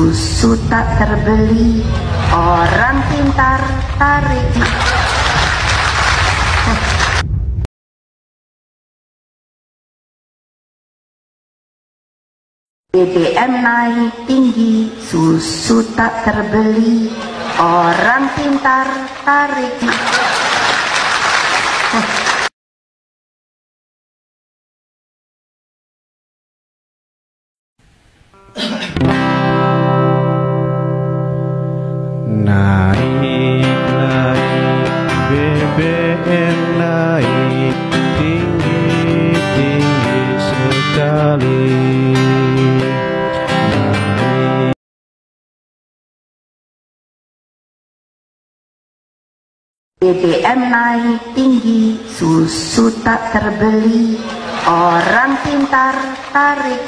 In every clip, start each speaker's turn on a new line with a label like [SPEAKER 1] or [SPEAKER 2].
[SPEAKER 1] Susu tak terbeli, orang pintar tarik.
[SPEAKER 2] BBM naik tinggi, susu tak terbeli, orang pintar tarik.
[SPEAKER 1] BBM naik tinggi, susu tak terbeli, orang pintar tarik.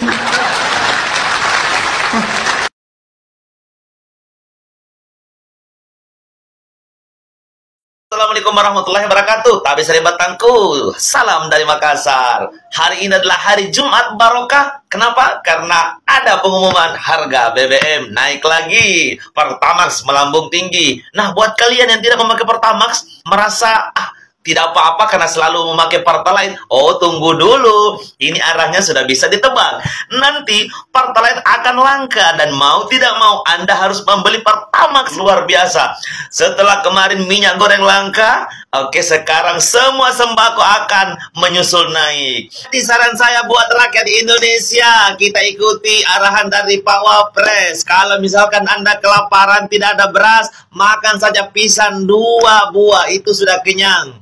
[SPEAKER 1] Assalamualaikum warahmatullahi wabarakatuh. Tapi saya Batangku. Salam dari Makassar. Hari ini adalah hari Jumat barokah. Kenapa? Karena ada pengumuman harga BBM naik lagi. Pertamax melambung tinggi. Nah, buat kalian yang tidak memakai Pertamax merasa ah tidak apa-apa karena selalu memakai partai lain. Oh, tunggu dulu. Ini arahnya sudah bisa ditebak. Nanti partai lain akan langka dan mau tidak mau Anda harus membeli Pertamax luar biasa. Setelah kemarin minyak goreng langka, oke sekarang semua sembako akan menyusul naik. Di saran saya buat rakyat Indonesia, kita ikuti arahan dari Pak Wapres. Kalau misalkan Anda kelaparan tidak ada beras, makan saja pisang dua buah itu sudah kenyang.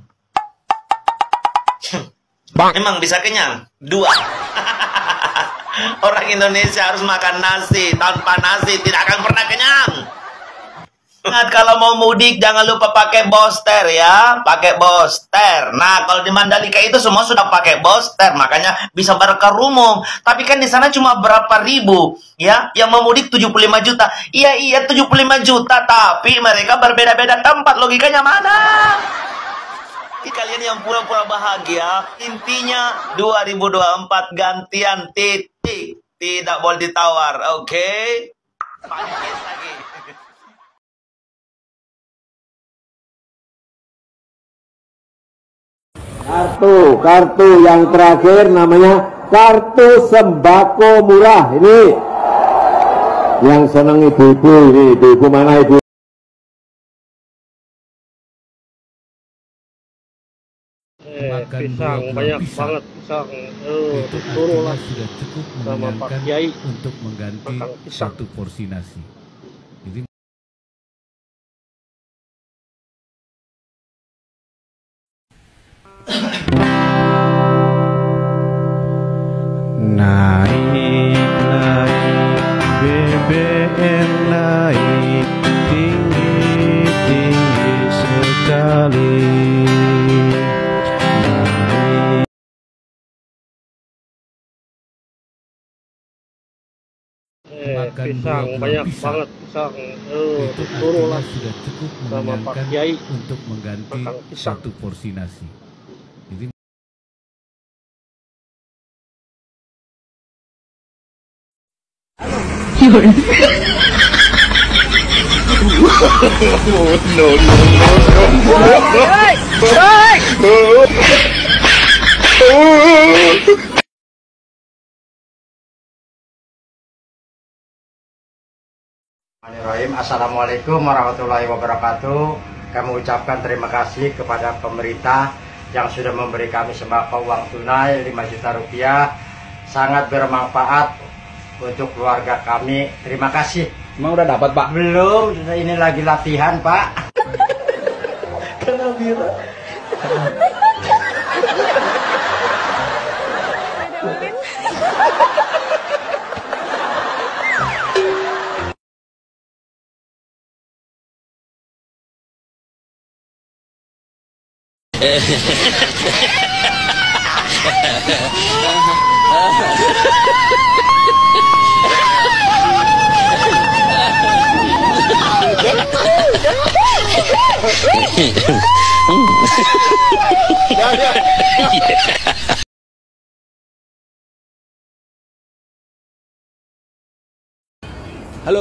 [SPEAKER 1] Bang. Emang bisa kenyang? Dua. Orang Indonesia harus makan nasi. Tanpa nasi tidak akan pernah kenyang. Ingat kalau mau mudik jangan lupa pakai booster ya. Pakai booster. Nah kalau di Mandalika itu semua sudah pakai booster, Makanya bisa berkerumung. Tapi kan di sana cuma berapa ribu. ya Yang mau mudik 75 juta. Iya iya 75 juta. Tapi mereka berbeda-beda tempat. Logikanya mana? Ini kalian yang pura-pura bahagia. Intinya 2024 gantian titik. Tidak boleh ditawar, oke? Okay?
[SPEAKER 2] lagi. Kartu, kartu yang terakhir namanya kartu sembako murah ini. Yang seneng ibu-ibu ini, ibu-ibu mana ibu? makan pisang banyak pisang. banget pisang oh, itu sudah cukup sama Pak Kiai untuk mengganti satu porsi nasi Kan pisang banyak pisang. banget pisang eh, itu sudah cukup mengenyangkan untuk mengganti satu porsi nasi oh, no, no, no, no, no. no no no
[SPEAKER 1] Bismillahirrahmanirrahim. Assalamualaikum warahmatullahi wabarakatuh. Kami ucapkan terima kasih kepada pemerintah yang sudah memberi kami sembako uang tunai 5 juta rupiah. Sangat bermanfaat untuk keluarga kami. Terima kasih. Emang udah dapat Pak? Belum. Ini lagi latihan Pak.
[SPEAKER 2] Kenapa Halo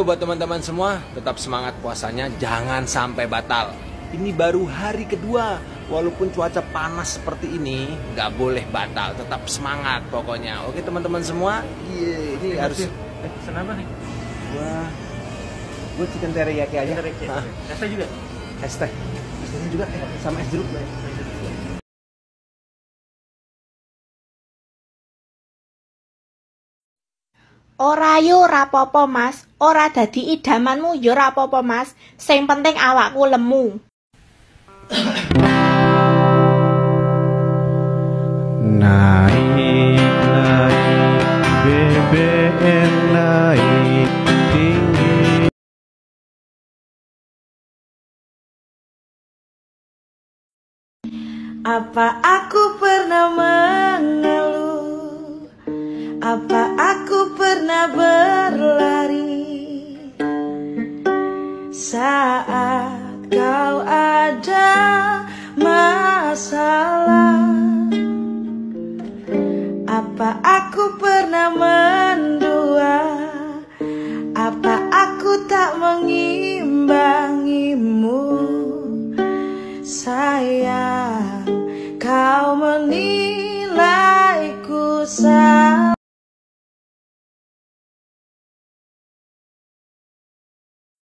[SPEAKER 2] buat
[SPEAKER 1] teman-teman semua, tetap semangat puasanya, jangan sampai batal. Ini baru hari kedua, walaupun cuaca panas seperti ini nggak boleh batal tetap semangat pokoknya oke teman-teman semua yeah, ini Tidak eh, harus eh, kenapa nih wah gue chicken teriyaki aja teriyaki. es teh juga es teh es teh juga eh, sama es jeruk Ora yo rapopo mas, ora dadi idamanmu yo rapopo mas, sing penting awakku lemu. naik naik BBM naik tinggi Apa aku pernah mengeluh Apa aku pernah berlari Saat kau aku pernah mendua Apa aku tak mengimbangimu Sayang kau menilaiku
[SPEAKER 2] sayang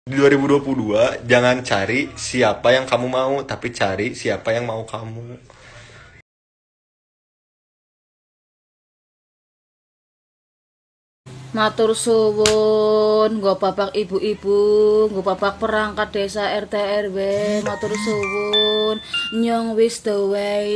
[SPEAKER 2] Di 2022 jangan cari siapa yang kamu mau tapi cari siapa yang mau kamu matur suwun nggo bapak
[SPEAKER 1] ibu-ibu nggo bapak perangkat desa RT RW matur suwun nyong wis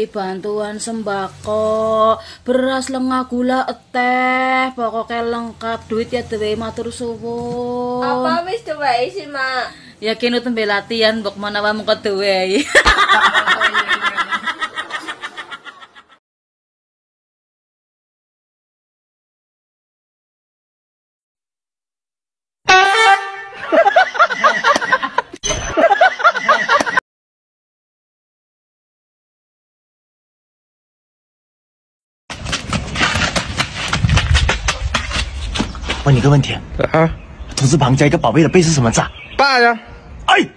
[SPEAKER 1] bantuan sembako beras lengah gula teh pokoknya lengkap duit ya dewey matur suwun apa wis dewey sih mak ya kene tembe latihan mbok menawa mengko dewey 问你个问题啊，土字旁加一个宝贝的贝是什么字？
[SPEAKER 2] 爸呀，哎。